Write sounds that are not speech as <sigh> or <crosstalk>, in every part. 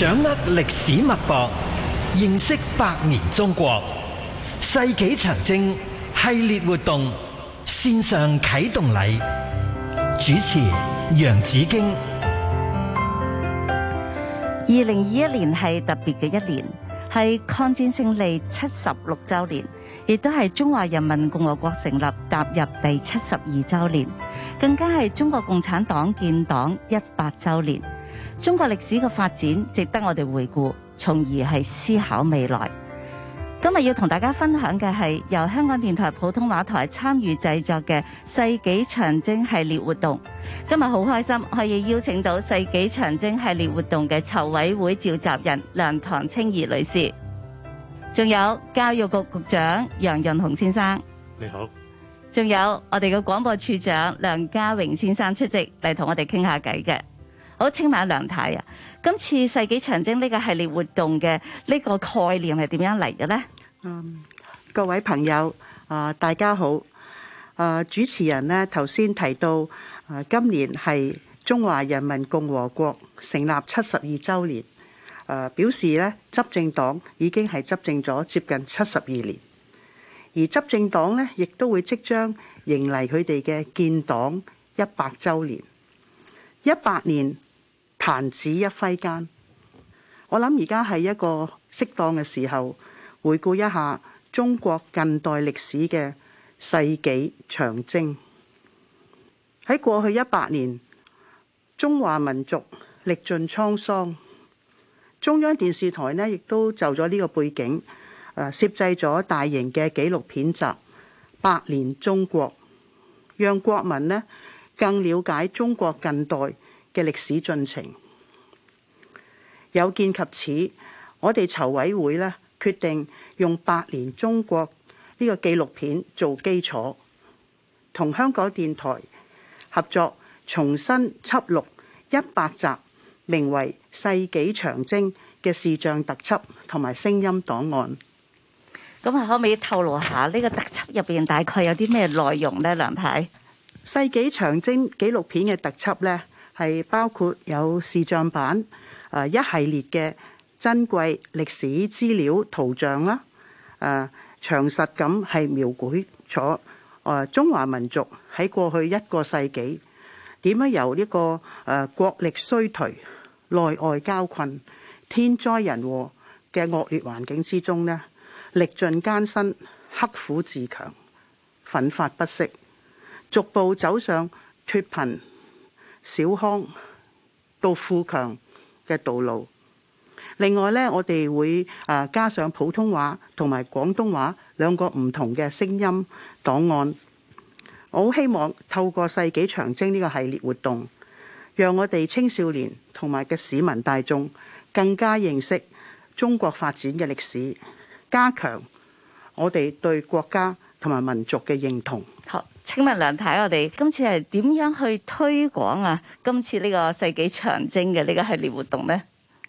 掌握歷史脈搏，認識百年中國、世紀長征系列活動線上啟動禮，主持楊子京。二零二一年係特別嘅一年，係抗戰勝利七十六週年，亦都係中華人民共和國成立踏入第七十二週年，更加係中國共產黨建黨一百週年。中國歷史嘅發展值得我哋回顧，從而係思考未來。今日要同大家分享嘅係由香港電台普通話台參與製作嘅《世紀長征》系列活動。今日好開心可以邀請到《世紀長征》系列活動嘅籌委會召集人梁唐清怡女士，仲有教育局局長楊潤雄先生，你好。仲有我哋嘅廣播處長梁家榮先生出席嚟，同我哋傾下偈嘅。好，清晚梁太啊！今次世紀長征呢個系列活動嘅呢個概念係點樣嚟嘅呢？嗯，各位朋友啊，大家好啊！主持人呢頭先提到啊，今年係中華人民共和國成立七十二週年，誒，啊，表示呢執政黨已經係執政咗接近七十二年，而執政黨呢亦都會即將迎嚟佢哋嘅建黨一百週年，一百年。彈指一揮間，我諗而家係一個適當嘅時候，回顧一下中國近代歷史嘅世紀長征。喺過去一百年，中華民族歷盡滄桑。中央電視台呢亦都就咗呢個背景，誒攝製咗大型嘅紀錄片集《百年中國》，讓國民呢更了解中國近代嘅歷史進程。有見及此，我哋籌委會呢，決定用《百年中國》呢個紀錄片做基礎，同香港電台合作重新輯錄一百集，名為《世紀長征》嘅視像特輯同埋聲音檔案。咁啊，可唔可以透露下呢個特輯入邊大概有啲咩內容呢？梁太《世紀長征》紀錄片嘅特輯呢？，係包括有視像版啊，一系列嘅珍貴歷史資料圖像啦，啊詳實咁係描繪咗啊中華民族喺過去一個世紀點樣由呢個誒國力衰退、內外交困、天災人禍嘅惡劣環境之中咧，歷盡艱辛、刻苦自強、奮發不息，逐步走上脫貧，小康到富強嘅道路。另外呢，我哋會啊加上普通話同埋廣東話兩個唔同嘅聲音檔案。我好希望透過世紀長征呢個系列活動，讓我哋青少年同埋嘅市民大眾更加認識中國發展嘅歷史，加強我哋對國家同埋民族嘅認同。請問梁太，我哋今次係點樣去推廣啊？今次呢個世紀長征嘅呢個系列活動呢？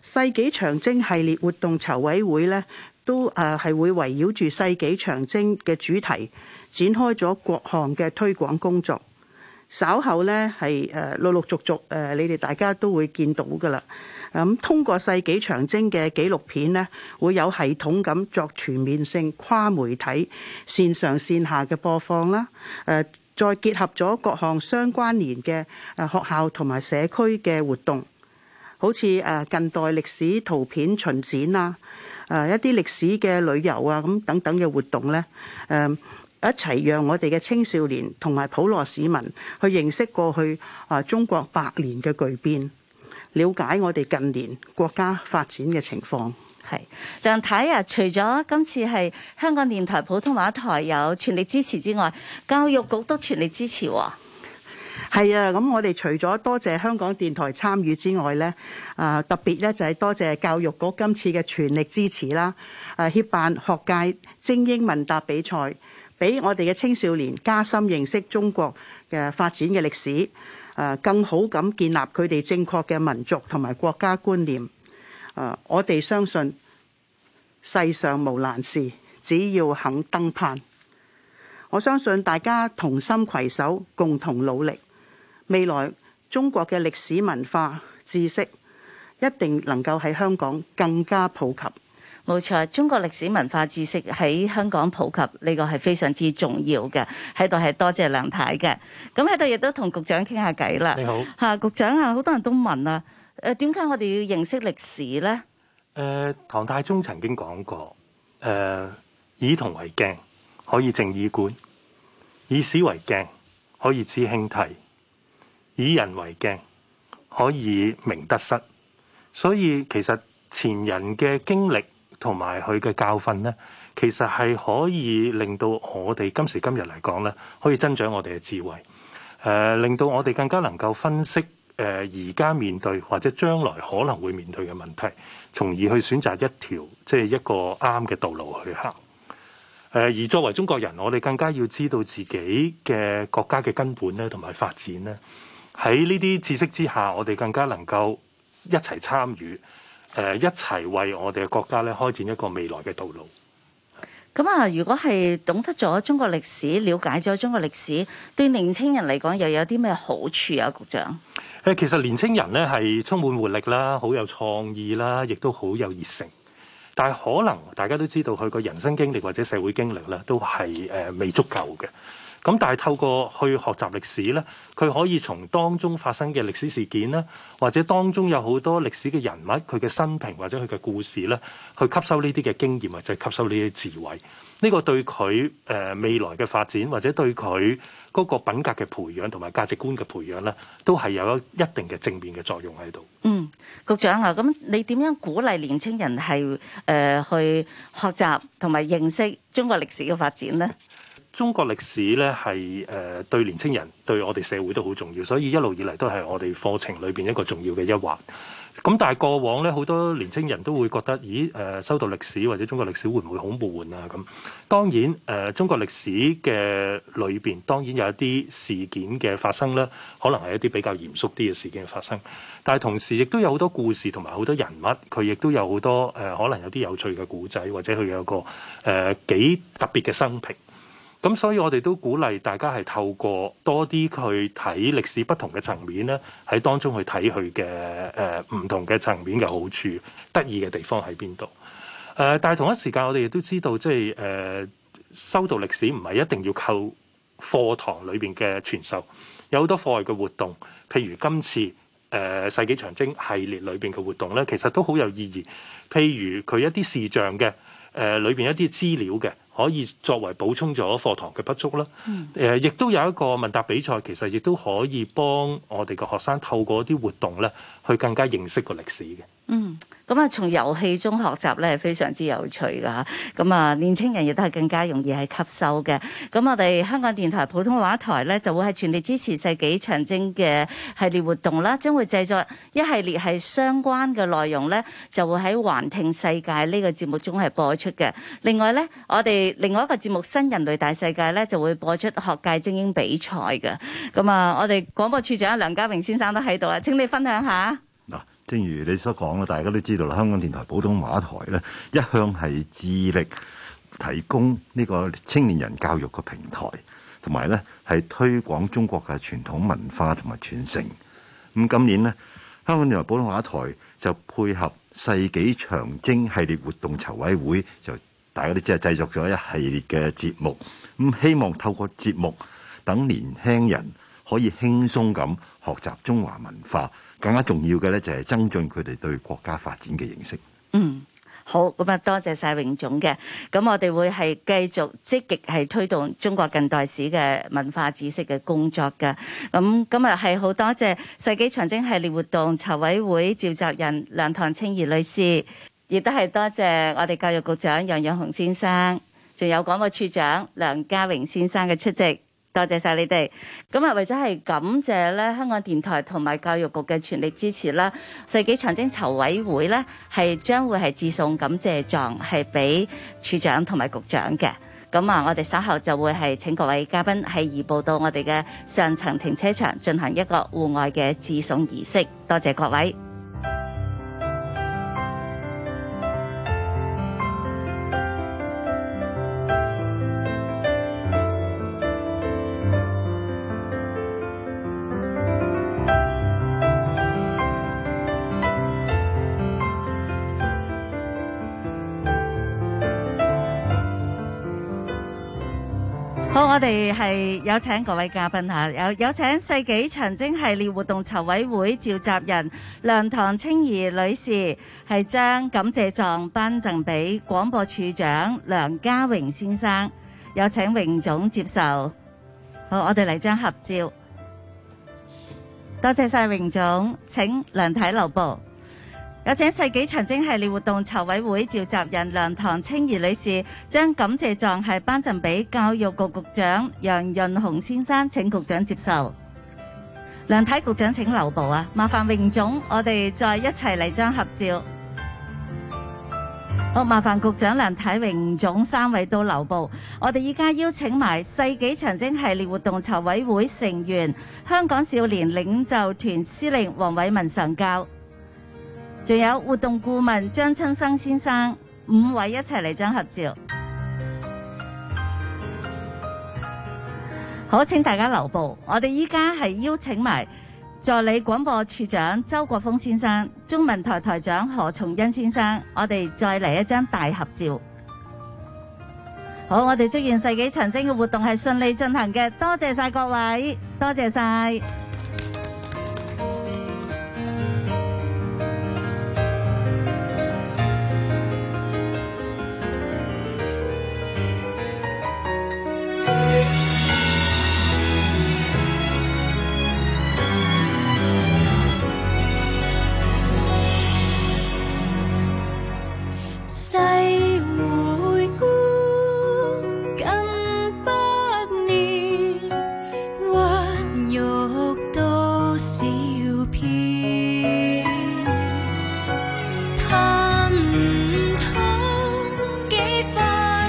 世紀長征系列活動籌委會呢，都誒係會圍繞住世紀長征嘅主題，展開咗各項嘅推廣工作。稍後呢，係誒陸陸續續誒，你哋大家都會見到噶啦。咁通過《世紀長征》嘅紀錄片咧，會有系統咁作全面性跨媒體線上線下嘅播放啦。誒，再結合咗各項相關連嘅誒學校同埋社區嘅活動，好似誒近代歷史圖片巡展啊，誒一啲歷史嘅旅遊啊咁等等嘅活動咧，誒一齊讓我哋嘅青少年同埋普羅市民去認識過去啊中國百年嘅巨變。了解我哋近年國家發展嘅情況。係梁太啊，除咗今次係香港電台普通話台有全力支持之外，教育局都全力支持喎、哦。係啊，咁我哋除咗多謝香港電台參與之外咧，啊特別咧就係多謝教育局今次嘅全力支持啦。誒協辦學界精英問答比賽，俾我哋嘅青少年加深認識中國嘅發展嘅歷史。誒更好咁建立佢哋正確嘅民族同埋國家觀念。誒，我哋相信世上無難事，只要肯登攀。我相信大家同心攜手，共同努力，未來中國嘅歷史文化知識一定能夠喺香港更加普及。冇錯，中國歷史文化知識喺香港普及呢個係非常之重要嘅喺度，係多謝梁太嘅咁喺度亦都同局長傾下偈啦。你好嚇，局長啊，好多人都問啊，誒點解我哋要認識歷史呢？誒，唐太宗曾經講過誒，以銅為鏡可以正衣冠，以史為鏡可以知興替，以人為鏡可以明得失。所以其實前人嘅經歷。同埋佢嘅教訓呢，其實係可以令到我哋今時今日嚟講呢，可以增長我哋嘅智慧，誒、呃、令到我哋更加能夠分析誒而家面對或者將來可能會面對嘅問題，從而去選擇一條即係一個啱嘅道路去行，呃。而作為中國人，我哋更加要知道自己嘅國家嘅根本咧，同埋發展呢。喺呢啲知識之下，我哋更加能夠一齊參與。誒一齊為我哋嘅國家咧，開展一個未來嘅道路。咁啊，如果係懂得咗中國歷史，了解咗中國歷史，對年青人嚟講又有啲咩好處啊？局長誒，其實年青人呢係充滿活力啦，好有創意啦，亦都好有熱誠，但係可能大家都知道佢個人生經歷或者社會經歷咧，都係誒未足夠嘅。咁但係透過去學習歷史咧，佢可以從當中發生嘅歷史事件啦，或者當中有好多歷史嘅人物佢嘅生平或者佢嘅故事咧，去吸收呢啲嘅經驗或者吸收呢啲智慧。呢個對佢誒未來嘅發展或者對佢嗰個品格嘅培養同埋價值觀嘅培養咧，都係有一定嘅正面嘅作用喺度。嗯，局長啊，咁你點樣鼓勵年輕人係誒、呃、去學習同埋認識中國歷史嘅發展咧？中國歷史咧係誒對年青人對我哋社會都好重要，所以一路以嚟都係我哋課程裏邊一個重要嘅一環。咁但係過往咧，好多年青人都會覺得，咦誒，收到歷史或者中國歷史會唔會好悶啊？咁當然誒、呃，中國歷史嘅裏邊當然有一啲事件嘅發生咧，可能係一啲比較嚴肅啲嘅事件嘅發生，但係同時亦都有好多故事同埋好多人物，佢亦都有好多誒、呃，可能有啲有趣嘅故仔，或者佢有個誒幾、呃、特別嘅生平。咁所以，我哋都鼓勵大家係透過多啲去睇歷史不同嘅層面咧，喺當中去睇佢嘅誒唔同嘅層面嘅好處、得意嘅地方喺邊度。誒、呃，但係同一時間，我哋亦都知道，即係誒，修讀歷史唔係一定要靠課堂裏邊嘅傳授，有好多課外嘅活動，譬如今次誒、呃《世紀長征》系列裏邊嘅活動咧，其實都好有意義。譬如佢一啲視像嘅誒裏邊一啲資料嘅。可以作為補充咗課堂嘅不足啦。誒，亦都有一個問答比賽，其實亦都可以幫我哋嘅學生透過一啲活動咧，去更加認識個歷史嘅。嗯，咁啊，從遊戲中學習咧，係非常之有趣噶。咁啊，年青人亦都係更加容易係吸收嘅。咁我哋香港電台普通話台咧，就會係全力支持世紀長征嘅系列活動啦，將會製作一系列係相關嘅內容咧，就會喺《環聽世界》呢個節目中係播出嘅。另外咧，我哋另外一個節目《新人類大世界》咧，就會播出學界精英比賽嘅。咁啊，我哋廣播處長梁家榮先生都喺度啊，請你分享下。正如你所講啦，大家都知道啦，香港電台普通話台咧一向係致力提供呢個青年人教育嘅平台，同埋咧係推廣中國嘅傳統文化同埋傳承。咁今年咧，香港電台普通話台就配合《世紀長征》系列活動籌委會，就大家都即係製作咗一系列嘅節目，咁希望透過節目等年輕人可以輕鬆咁學習中華文化，更加重要嘅咧就係增進佢哋對國家發展嘅認識。嗯，好，咁啊多謝晒榮總嘅，咁我哋會係繼續積極係推動中國近代史嘅文化知識嘅工作噶。咁今日係好多謝世紀長征系列活動籌委會召集人梁唐青儀女士，亦都係多謝我哋教育局長楊潤雄先生，仲有廣播處長梁家榮先生嘅出席。多謝晒你哋，咁啊為咗係感謝咧香港電台同埋教育局嘅全力支持啦，世紀長征籌委會咧係將會係致送感謝狀係俾處長同埋局長嘅，咁啊我哋稍後就會係請各位嘉賓係移步到我哋嘅上層停車場進行一個戶外嘅致送儀式，多謝各位。 <music> <music> 有請各位嘉賓吓，有有請世紀長征系列活動籌委會召集人梁唐青儀女士，係將感謝狀頒贈俾廣播處長梁家榮先生，有請榮總接受。好，我哋嚟張合照。多謝晒榮總，請梁體留步。有請世紀長征系列活動籌委會召集人梁唐青儀女士將感謝狀係頒贈俾教育局局長楊潤雄先生，請局長接受。梁太、局長請留步啊！麻煩榮總，我哋再一齊嚟張合照。好，麻煩局長、梁太、榮總三位都留步。我哋依家邀請埋世紀長征系列活動籌委會成員、香港少年領袖團司令黃偉文上教，仲有活動顧問張春生先生五位一齊嚟張合照，好，請大家留步。我哋依家係邀請埋助理廣播處長周國峰先生、中文台台長何重恩先生，我哋再嚟一張大合照。好，我哋祝願世紀長征嘅活動係順利進行嘅，多謝晒各位，多謝晒。